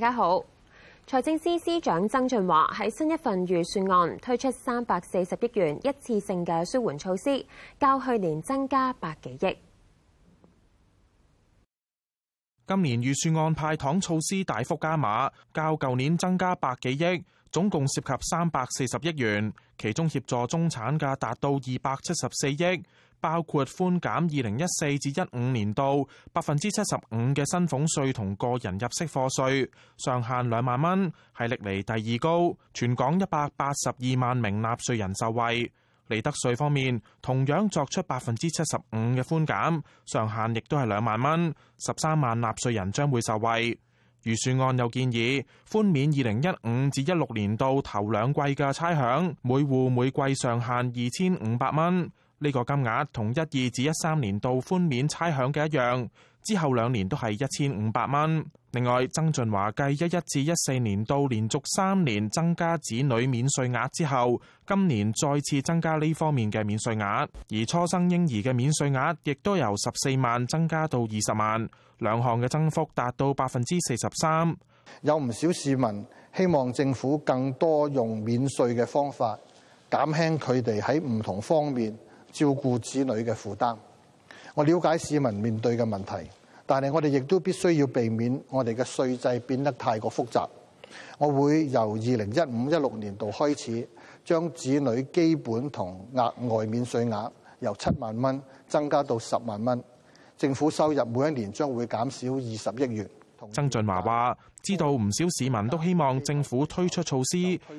大家好，財政司司長曾俊華喺新一份預算案推出三百四十億元一次性嘅紓緩措施，較去年增加百幾億。今年預算案派糖措施大幅加碼，較舊年增加百幾億，總共涉及三百四十億元，其中協助中產嘅達到二百七十四億。包括寬減二零一四至一五年度百分之七十五嘅薪俸稅同個人入息課稅上限兩萬蚊，係歷嚟第二高，全港一百八十二萬名納稅人受惠。利得稅方面同樣作出百分之七十五嘅寬減，上限亦都係兩萬蚊，十三萬納稅人將會受惠。預算案又建議寬免二零一五至一六年度頭兩季嘅差餉，每戶每季上限二千五百蚊。呢個金額同一二至一三年度寬免差餉嘅一樣，之後兩年都係一千五百蚊。另外，曾俊華繼一一至一四年度連續三年增加子女免稅額之後，今年再次增加呢方面嘅免稅額，而初生嬰兒嘅免稅額亦都由十四萬增加到二十萬，兩項嘅增幅達到百分之四十三。有唔少市民希望政府更多用免稅嘅方法減輕佢哋喺唔同方面。照顧子女嘅負擔，我了解市民面對嘅問題，但係我哋亦都必須要避免我哋嘅稅制變得太過複雜。我會由二零一五一六年度開始，將子女基本同額外免稅額由七萬蚊增加到十萬蚊，政府收入每一年將會減少二十億元。曾俊華話，知道唔少市民都希望政府推出措施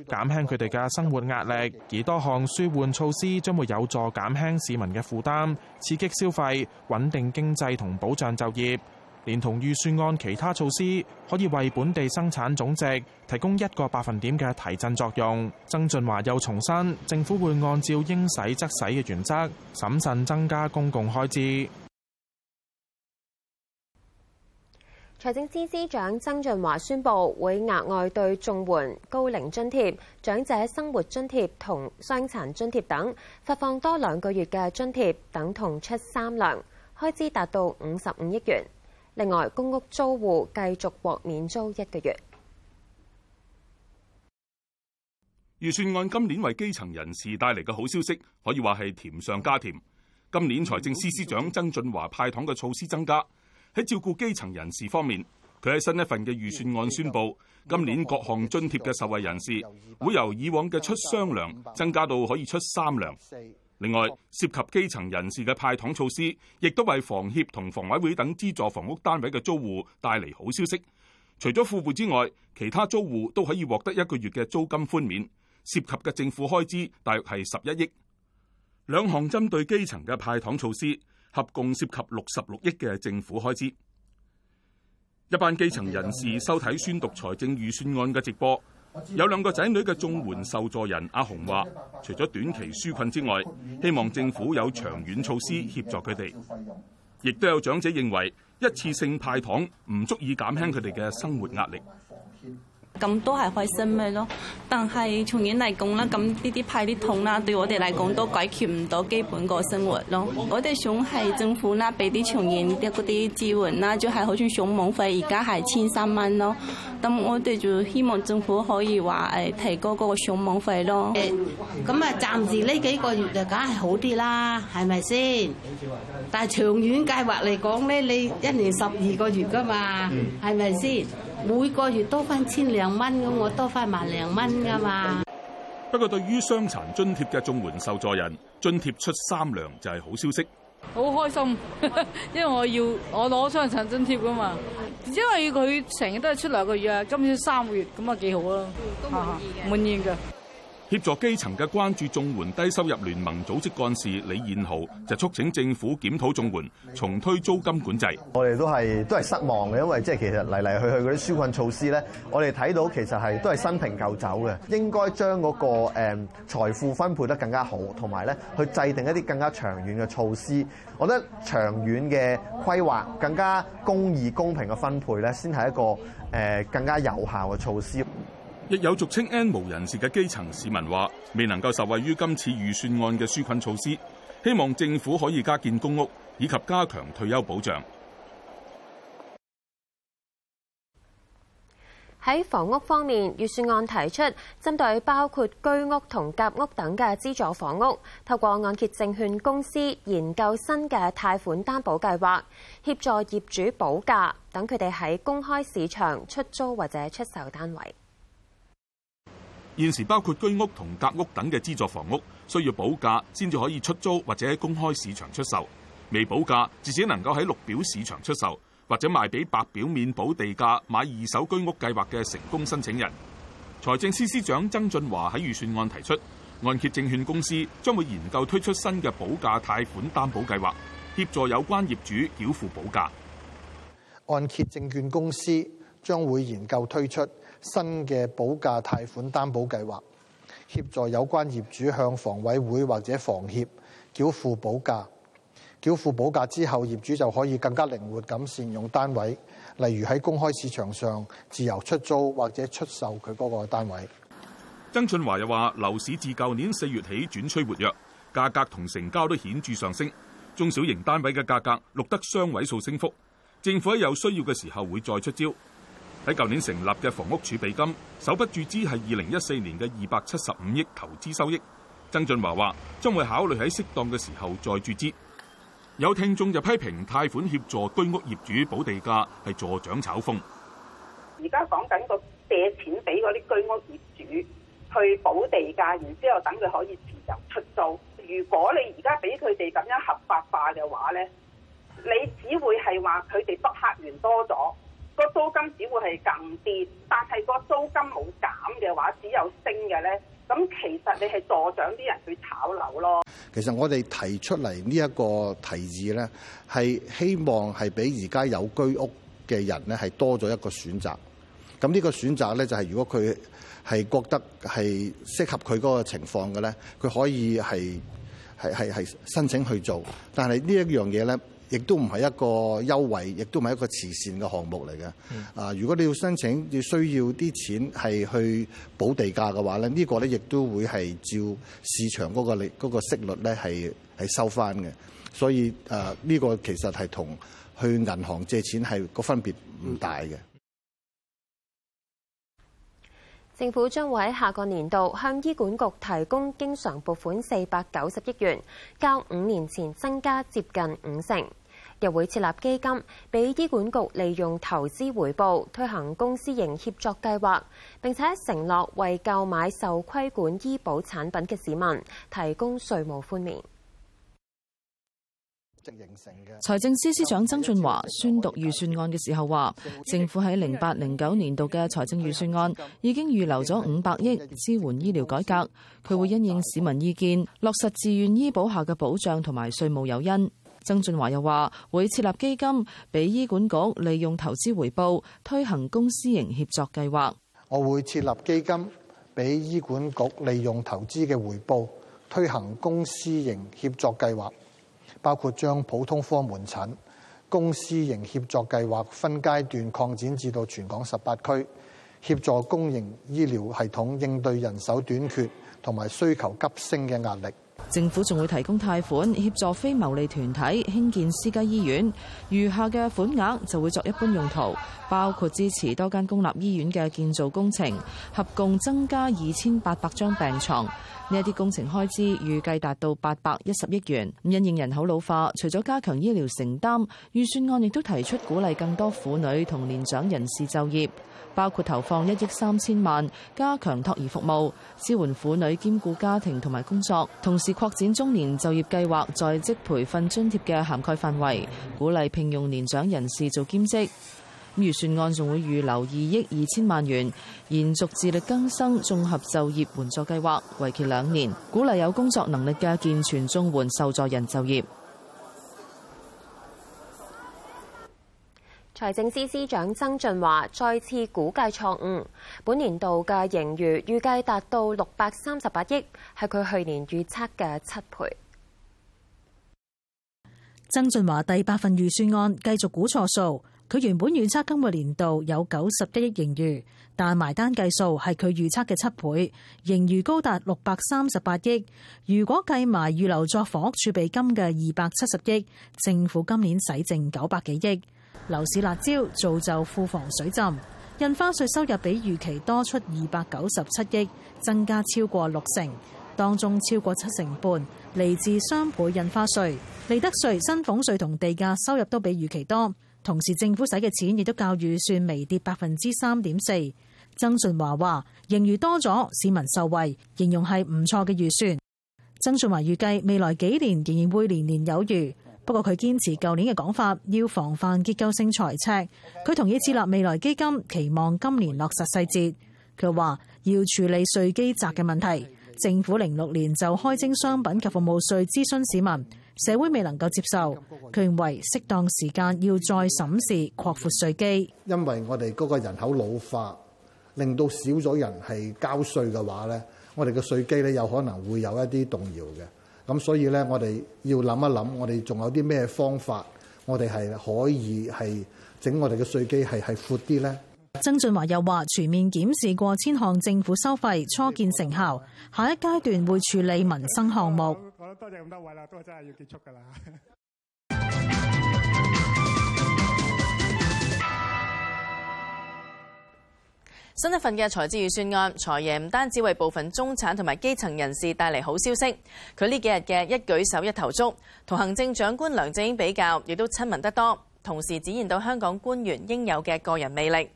減輕佢哋嘅生活壓力，而多項紓緩措施將會有助減輕市民嘅負擔，刺激消費，穩定經濟同保障就業。連同預算案其他措施，可以為本地生產總值提供一個百分點嘅提振作用。曾俊華又重申，政府會按照應使則使嘅原則，審慎增加公共開支。財政司司長曾俊華宣布，會額外對綜援、高齡津貼、長者生活津貼同傷殘津貼等發放多兩個月嘅津貼，等同出三糧，開支達到五十五億元。另外，公屋租戶繼續獲免租一個月。預算案今年為基層人士帶嚟嘅好消息，可以話係甜上加甜。今年財政司司長曾俊華派糖嘅措施增加。喺照顧基層人士方面，佢喺新一份嘅預算案宣布，今年各項津貼嘅受惠人士會由以往嘅出雙糧增加到可以出三糧。另外，涉及基層人士嘅派糖措施，亦都為房協同房委會等資助房屋單位嘅租戶帶嚟好消息。除咗富戶之外，其他租戶都可以獲得一個月嘅租金寬免。涉及嘅政府開支大約係十一億。兩項針對基層嘅派糖措施，合共涉及六十六億嘅政府開支。一班基層人士收睇宣讀財政預算案嘅直播，有兩個仔女嘅綜援受助人阿雄話，除咗短期紓困之外，希望政府有長遠措施協助佢哋。亦都有長者認為，一次性派糖唔足以減輕佢哋嘅生活壓力。咁都係開心嘅咯？但係長遠嚟講啦，咁呢啲派啲糖啦，對我哋嚟講都解決唔到基本個生活咯。我哋想係政府啦，俾啲長遠啲嗰啲支援啦，就係、是、好似上網費，而家係千三蚊咯。咁我哋就希望政府可以話誒提高嗰個上網費咯。咁啊、嗯，暫時呢幾個月就梗係好啲啦，係咪先？但係長遠計劃嚟講咧，你一年十二個月噶嘛，係咪先？每個月多翻千兩蚊咁，我多翻萬兩蚊噶嘛。不過對於傷殘津貼嘅綜援受助人，津貼出三糧就係好消息。好開心，因為我要我攞傷殘津貼噶嘛。因為佢成日都係出兩個月啊，今年三個月咁啊，幾好啊，都滿意嘅，滿意噶。協助基層嘅關注綜援低收入聯盟組織幹事李燕豪就促請政府檢討綜援，重推租金管制。我哋都係都係失望嘅，因為即係其實嚟嚟去去嗰啲紓困措施咧，我哋睇到其實係都係新瓶舊酒嘅。應該將嗰、那個誒、嗯、財富分配得更加好，同埋咧去制定一啲更加長遠嘅措施。我覺得長遠嘅規劃、更加公義公平嘅分配咧，先係一個誒、嗯、更加有效嘅措施。亦有俗稱 N 無人士嘅基層市民話，未能夠受惠於今次預算案嘅紓困措施，希望政府可以加建公屋以及加強退休保障。喺房屋方面，預算案提出針對包括居屋同夾屋等嘅資助房屋，透過按揭證券公司研究新嘅貸款擔保計劃，協助業主補價，等佢哋喺公開市場出租或者出售單位。現時包括居屋同夾屋等嘅資助房屋，需要補價先至可以出租或者喺公開市場出售；未補價，至少能夠喺綠表市場出售，或者賣俾白表免補地價買二手居屋計劃嘅成功申請人。財政司司長曾俊華喺預算案提出，按揭證券公司將會研究推出新嘅補價貸款擔保計劃，協助有關業主繳付補價。按揭證券公司將會研究推出。新嘅補價貸款擔保計劃，協助有關業主向房委會或者房協繳付補價。繳付補價之後，業主就可以更加靈活咁善用單位，例如喺公開市場上自由出租或者出售佢嗰個單位。曾俊華又話：樓市自舊年四月起轉趨活躍，價格同成交都顯著上升，中小型單位嘅價格錄得雙位數升幅。政府喺有需要嘅時候會再出招。喺舊年成立嘅房屋儲備金，首筆注資係二零一四年嘅二百七十五億投資收益。曾俊華話將會考慮喺適當嘅時候再注資。有聽眾就批評貸款協助居屋業主補地價係助長炒風。而家講緊個借錢俾嗰啲居屋業主去補地價，然之後等佢可以自由出租。如果你而家俾佢哋咁樣合法化嘅話咧，你只會係話佢哋得客源多咗。個租金只會係更跌，但係個租金冇減嘅話，只有升嘅咧，咁其實你係助長啲人去炒樓咯。其實我哋提出嚟呢一個提議咧，係希望係比而家有居屋嘅人咧，係多咗一個選擇。咁呢個選擇咧，就係、是、如果佢係覺得係適合佢嗰個情況嘅咧，佢可以係係係申請去做。但係呢一樣嘢咧。亦都唔係一個優惠，亦都唔係一個慈善嘅項目嚟嘅。嗯、啊，如果你要申請，要需要啲錢係去補地價嘅話咧，呢、呢個咧亦都會係照市場嗰個利、嗰個、息率咧係係收翻嘅。所以啊，呢、呢個其實係同去銀行借錢係、嗰個分別唔大嘅。嗯、政府將會喺下個年度向醫管局提供經常撥款四百九十億元，較五年前增加接近五成。又會設立基金，俾醫管局利用投資回報推行公私營協作計劃，並且承諾為購買受規管醫保產品嘅市民提供稅務寬免。財政司司長曾俊華宣讀預算案嘅時候話，政府喺零八零九年度嘅財政預算案已經預留咗五百億支援醫療改革。佢會因應市民意見，落實自願醫保下嘅保障同埋稅務誘因。曾俊華又話會設立基金，俾醫管局利用投資回報推行公私營協作計劃。我會設立基金，俾醫管局利用投資嘅回報推行公私營協作計劃，包括將普通科門診公私營協作計劃分階段擴展至到全港十八區，協助公營醫療系統應對人手短缺同埋需求急升嘅壓力。政府仲會提供貸款協助非牟利團體興建私家醫院，餘下嘅款額就會作一般用途，包括支持多間公立醫院嘅建造工程，合共增加二千八百張病床。呢一啲工程開支預計達到八百一十億元。因應人口老化，除咗加強醫療承擔，預算案亦都提出鼓勵更多婦女同年長人士就業。包括投放一億三千萬，加強托兒服務，支援婦女兼顧家庭同埋工作，同時擴展中年就業計劃、在職培訓津貼嘅涵蓋範圍，鼓勵聘用年長人士做兼職。預算案仲會預留二億二千萬元，延續自力更生綜合就業援助計劃，為期兩年，鼓勵有工作能力嘅健全綜援受助人就業。財政司司長曾俊華再次估計錯誤，本年度嘅盈餘預計達到六百三十八億，係佢去年預測嘅七倍。曾俊華第八份預算案繼續估錯數，佢原本預測今個年度有九十一億盈餘，但埋單計數係佢預測嘅七倍，盈餘高達六百三十八億。如果計埋預留作房屋儲備金嘅二百七十億，政府今年使剩九百幾億。樓市辣招造就庫房水浸，印花稅收入比預期多出二百九十七億，增加超過六成，當中超過七成半嚟自雙倍印花稅，利得稅、薪俸稅同地價收入都比預期多。同時，政府使嘅錢亦都較預算微跌百分之三點四。曾俊華話：盈餘多咗，市民受惠，形容係唔錯嘅預算。曾俊華預計未來幾年仍然會年年有餘。不過佢堅持舊年嘅講法，要防範結構性財赤。佢同意設立未來基金，期望今年落實細節。佢話要處理稅基窄嘅問題，政府零六年就開徵商品及服務稅，諮詢市民，社會未能夠接受。佢認為適當時間要再審視擴闊稅基，因為我哋嗰個人口老化，令到少咗人係交稅嘅話呢，我哋嘅稅基呢有可能會有一啲動搖嘅。咁所以咧，我哋要諗一諗，我哋仲有啲咩方法，我哋係可以係整我哋嘅稅基係係闊啲咧。曾俊華又話：全面檢視過千項政府收費，初見成效，下一階段會處理民生項目。好 多謝咁多位啦，都係真係要結束㗎啦。 新一份嘅財政預算案，財爺唔單止為部分中產同埋基層人士帶嚟好消息，佢呢幾日嘅一舉手一投足，同行政長官梁振英比較，亦都親民得多，同時展現到香港官員應有嘅個人魅力。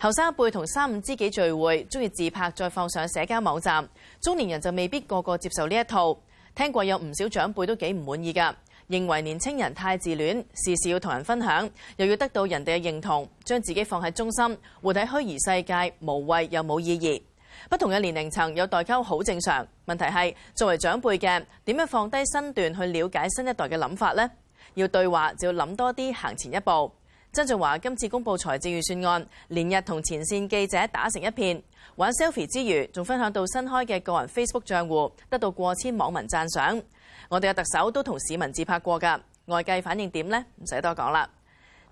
後生一輩同三五知己聚會，中意自拍再放上社交網站，中年人就未必個個接受呢一套，聽過有唔少長輩都幾唔滿意㗎。認為年輕人太自戀，事事要同人分享，又要得到人哋嘅認同，將自己放喺中心，活喺虛擬世界，無謂又冇意義。不同嘅年齡層有代溝好正常，問題係作為長輩嘅點樣放低身段去了解新一代嘅諗法呢？要對話就要諗多啲，行前一步。曾俊華今次公布財政預算案，連日同前線記者打成一片，玩 selfie 之餘，仲分享到新開嘅個人 Facebook 賬戶，得到過千網民讚賞。我哋嘅特首都同市民自拍過㗎，外界反應點呢？唔使多講啦。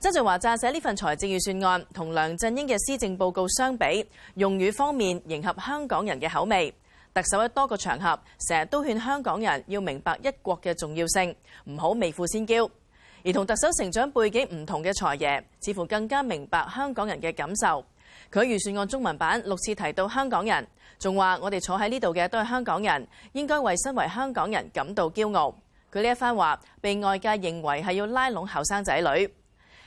曾俊華撰寫呢份財政預算案，同梁振英嘅施政報告相比，用語方面迎合香港人嘅口味。特首喺多個場合成日都勸香港人要明白一國嘅重要性，唔好未富先驕。而同特首成長背景唔同嘅財爺，似乎更加明白香港人嘅感受。佢預算案中文版六次提到香港人，仲話我哋坐喺呢度嘅都係香港人，應該為身為香港人感到驕傲。佢呢一番話被外界認為係要拉攏後生仔女。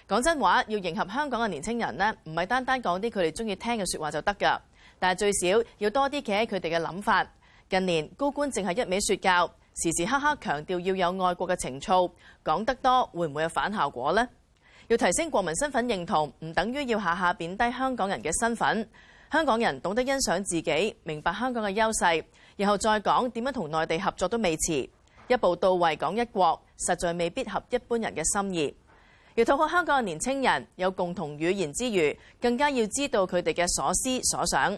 講真話，要迎合香港嘅年輕人呢，唔係單單講啲佢哋中意聽嘅說話就得㗎，但係最少要多啲企喺佢哋嘅諗法。近年高官淨係一味説教，時時刻刻強調要有愛國嘅情操，講得多會唔會有反效果呢？要提升國民身份認同，唔等於要下下貶低香港人嘅身份。香港人懂得欣賞自己，明白香港嘅優勢，然後再講點樣同內地合作都未遲。一步到位講一國，實在未必合一般人嘅心意。要討好香港嘅年青人，有共同語言之餘，更加要知道佢哋嘅所思所想。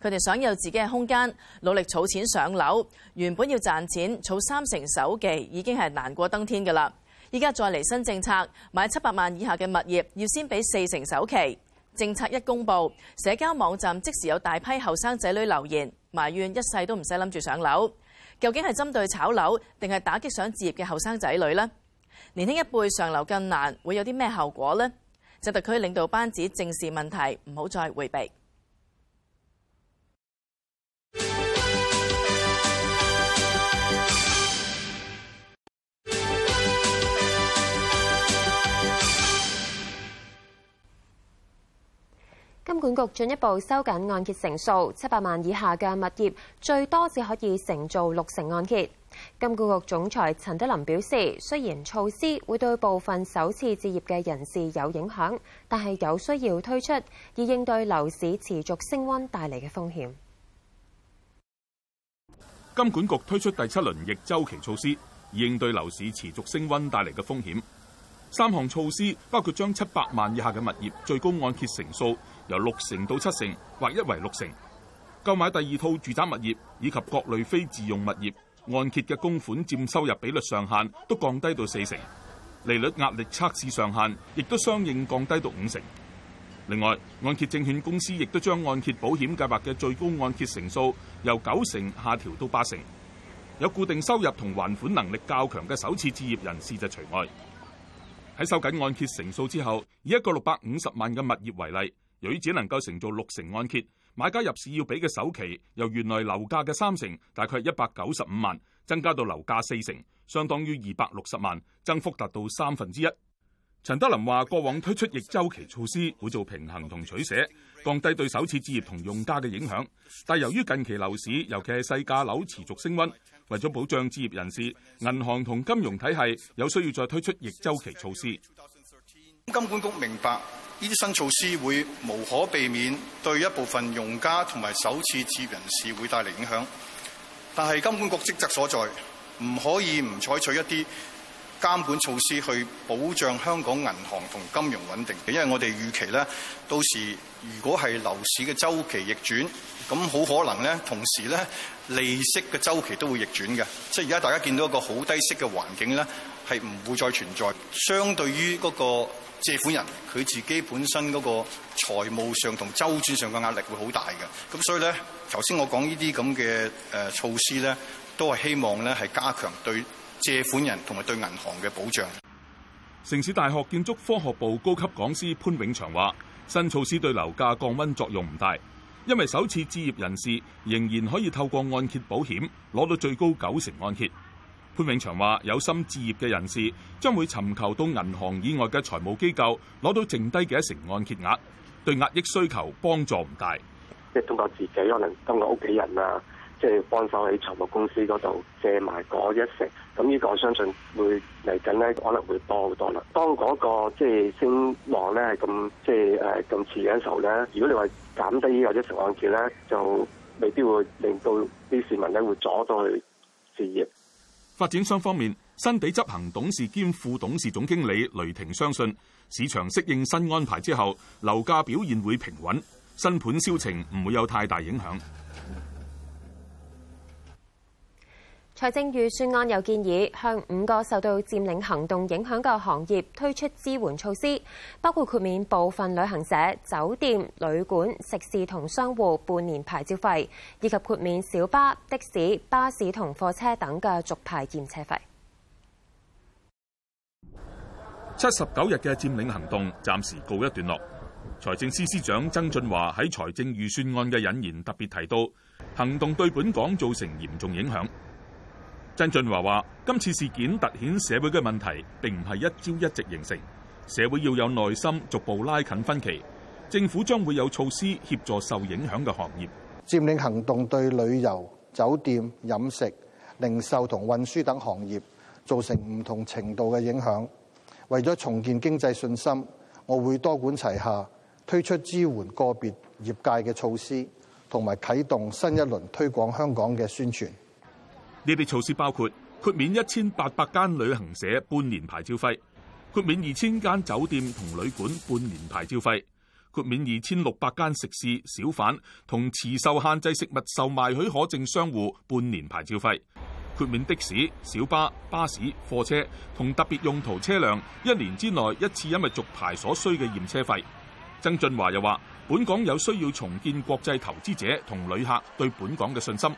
佢哋想有自己嘅空間，努力儲錢上樓。原本要賺錢儲三成首期，已經係難過登天㗎喇。依家再嚟新政策，買七百萬以下嘅物業要先俾四成首期。政策一公布，社交網站即時有大批後生仔女留言埋怨，一世都唔使諗住上樓。究竟係針對炒樓，定係打擊想置業嘅後生仔女呢？年輕一輩上樓更難，會有啲咩效果呢？就特區領導班子正視問題，唔好再迴避。金管局進一步收緊按揭成數，七百萬以下嘅物業最多只可以承造六成按揭。金管局總裁陳德霖表示，雖然措施會對部分首次置業嘅人士有影響，但係有需要推出，以應對樓市持續升溫帶嚟嘅風險。金管局推出第七輪逆周期措施，以應對樓市持續升溫帶嚟嘅風險。三項措施包括將七百萬以下嘅物業最高按揭成數。由六成到七成，或一為六成購買第二套住宅物業，以及各類非自用物業，按揭嘅供款佔收入比率上限都降低到四成，利率壓力測試上限亦都相應降低到五成。另外，按揭證券公司亦都將按揭保險計劃嘅最高按揭成數由九成下調到八成，有固定收入同還款能力較強嘅首次置業人士就除外。喺收緊按揭成數之後，以一個六百五十萬嘅物業為例。由於只能夠承做六成按揭，買家入市要俾嘅首期由原來樓價嘅三成，大概一百九十五萬，增加到樓價四成，相當於二百六十萬，增幅達到三分之一。陳德霖話：過往推出逆週期措施，會做平衡同取捨，降低對首次置業同用家嘅影響。但由於近期樓市，尤其係細價樓持續升溫，為咗保障置業人士，銀行同金融體系有需要再推出逆週期措施。金管局明白。呢啲新措施會無可避免對一部分用家同埋首次置業人士會帶嚟影響，但係監管局職責所在，唔可以唔採取一啲監管措施去保障香港銀行同金融穩定。因為我哋預期咧，到時如果係樓市嘅周期逆轉，咁好可能咧，同時咧，利息嘅周期都會逆轉嘅。即係而家大家見到一個好低息嘅環境咧，係唔會再存在。相對於嗰個。借款人佢自己本身嗰個財務上同周轉上嘅壓力會好大嘅，咁所以咧，頭先我講呢啲咁嘅誒措施咧，都係希望咧，係加強對借款人同埋對銀行嘅保障。城市大學建築科學部高級講師潘永祥話：新措施對樓價降温作用唔大，因為首次置業人士仍然可以透過按揭保險攞到最高九成按揭。潘永祥話：有心置業嘅人士將會尋求到銀行以外嘅財務機構攞到剩低嘅一成按揭額，對壓抑需求幫助唔大。即係通過自己，可能通過屋企人啊，即係幫手喺財務公司嗰度借埋嗰一成。咁呢個我相信會嚟緊呢可能會多好多啦。當嗰個即係升浪咧係咁，即係誒咁遲嘅時候咧，如果你話減低呢個一成按揭咧，就未必會令到啲市民咧會阻到去置業。發展商方面，新地執行董事兼副董事總經理雷霆相信，市場適應新安排之後，樓價表現會平穩，新盤銷情唔會有太大影響。財政預算案又建議向五個受到佔領行動影響嘅行業推出支援措施，包括豁免部分旅行社、酒店、旅館、食肆同商戶半年牌照費，以及豁免小巴、的士、巴士同貨車等嘅續牌驗車費。七十九日嘅佔領行動暫時告一段落。財政司司長曾俊華喺財政預算案嘅引言特別提到，行動對本港造成嚴重影響。曾俊華話：今次事件凸顯社會嘅問題，並唔係一朝一夕形成，社會要有耐心逐步拉近分歧。政府將會有措施協助受影響嘅行業。佔領行動對旅遊、酒店、飲食、零售同運輸等行業造成唔同程度嘅影響。為咗重建經濟信心，我會多管齊下，推出支援個別業界嘅措施，同埋啟動新一輪推廣香港嘅宣傳。呢啲措施包括豁免一千八百間旅行社半年牌照費，豁免二千間酒店同旅館半年牌照費，豁免二千六百間食肆小販同持售限制食物售賣許可證商戶半年牌照費，豁免的士、小巴、巴士、貨車同特別用途車輛一年之內一次因為續牌所需嘅驗車費。曾俊華又話：本港有需要重建國際投資者同旅客對本港嘅信心。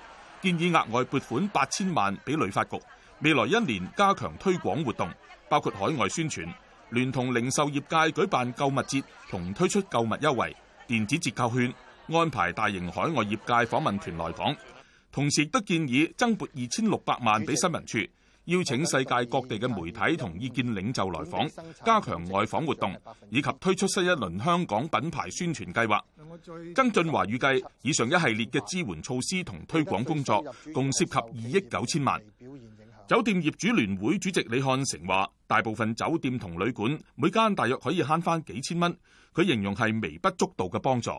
建議額外撥款八千萬俾旅發局，未來一年加強推廣活動，包括海外宣傳，聯同零售業界舉辦購物節，同推出購物優惠、電子折扣券，安排大型海外業界訪問團來港。同時亦都建議增撥二千六百萬俾新聞處。邀請世界各地嘅媒體同意見領袖來訪，加強外訪活動，以及推出新一輪香港品牌宣傳計劃。曾俊華預計以上一系列嘅支援措施同推廣工作，共涉及二億九千萬。酒店業主聯會主席李漢成話，大部分酒店同旅館每間大約可以慳翻幾千蚊。佢形容係微不足道嘅幫助。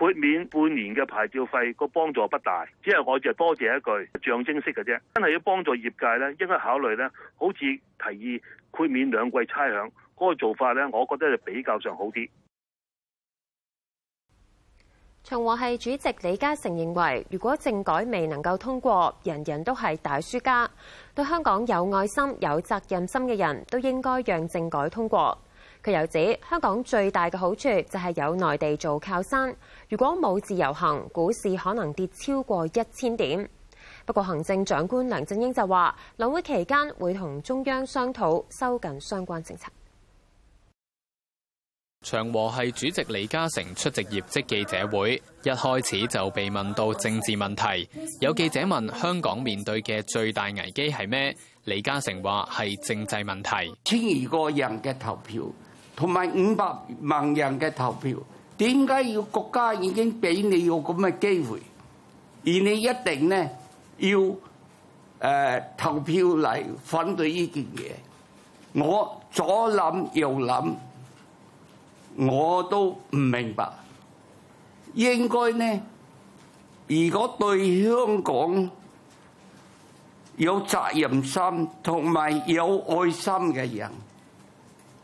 豁免半年嘅牌照費個幫助不大，只係我就多謝一句象徵式嘅啫。真係要幫助業界咧，應該考慮咧，好似提議豁免兩季差餉嗰個做法咧，我覺得就比較上好啲。長和係主席李嘉誠認為，如果政改未能夠通過，人人都係大輸家。對香港有愛心、有責任心嘅人都應該讓政改通過。佢又指香港最大嘅好處就係有內地做靠山。如果冇自由行，股市可能跌超過一千點。不過行政長官梁振英就話，兩會期間會同中央商討收緊相關政策。長和係主席李嘉誠出席業績記者會，一開始就被問到政治問題。有記者問香港面對嘅最大危機係咩？李嘉誠話係政制問題。千二個人嘅投票，同埋五百萬人嘅投票，點解要國家已經俾你有咁嘅機會，而你一定咧要誒投票嚟反對呢件嘢？我左諗右諗，我都唔明白。應該呢，如果對香港有責任心同埋有愛心嘅人。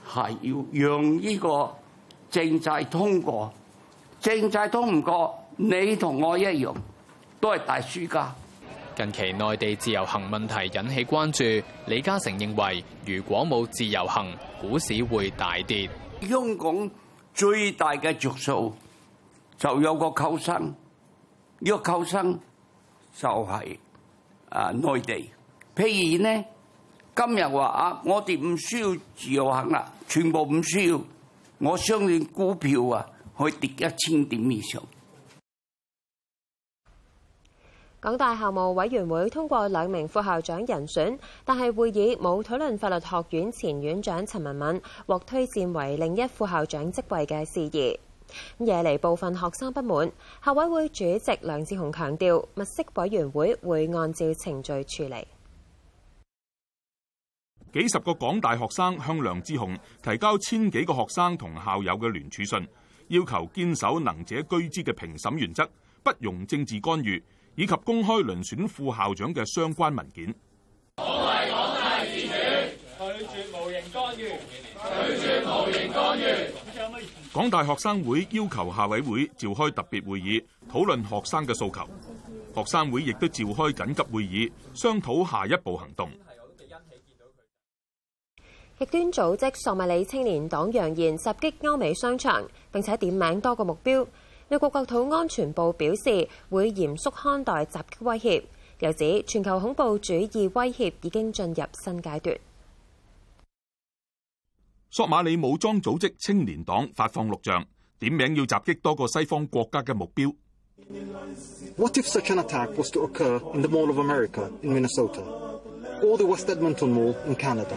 係要讓呢個政制通過，政制通唔過，你同我一樣都係大輸家。近期內地自由行問題引起關注，李嘉誠認為如果冇自由行，股市會大跌。香港最大嘅著數就有個購生，呢個購生就係啊內地。譬如呢？今日話啊，我哋唔需要自由行啦，全部唔需要。我相信股票啊，可以跌一千點以上。港大校務委員會通過兩名副校長人選，但係會議冇討論法律學院前院長陳文敏獲推薦為另一副校長職位嘅事宜，惹嚟部分學生不滿。校委會主席梁智鴻強調，物色委員會會按照程序處理。幾十個港大學生向梁智鴻提交千幾個學生同校友嘅聯署信，要求堅守能者居之嘅評審原則，不容政治干預，以及公開遴選副校長嘅相關文件。港大學生會要求校委會召開特別會議討論學生嘅訴求，學生會亦都召開緊急會議商討下一步行動。極端組織索馬里青年黨揚言襲擊歐美商場，並且點名多個目標。美國國土安全部表示會嚴肅看待襲擊威脅，又指全球恐怖主義威脅已經進入新階段。索馬里武裝組織青年黨發放錄像，點名要襲擊多個西方國家嘅目標。What if such an attack was to occur in the Mall of America in Minnesota or the West Edmonton Mall in Canada?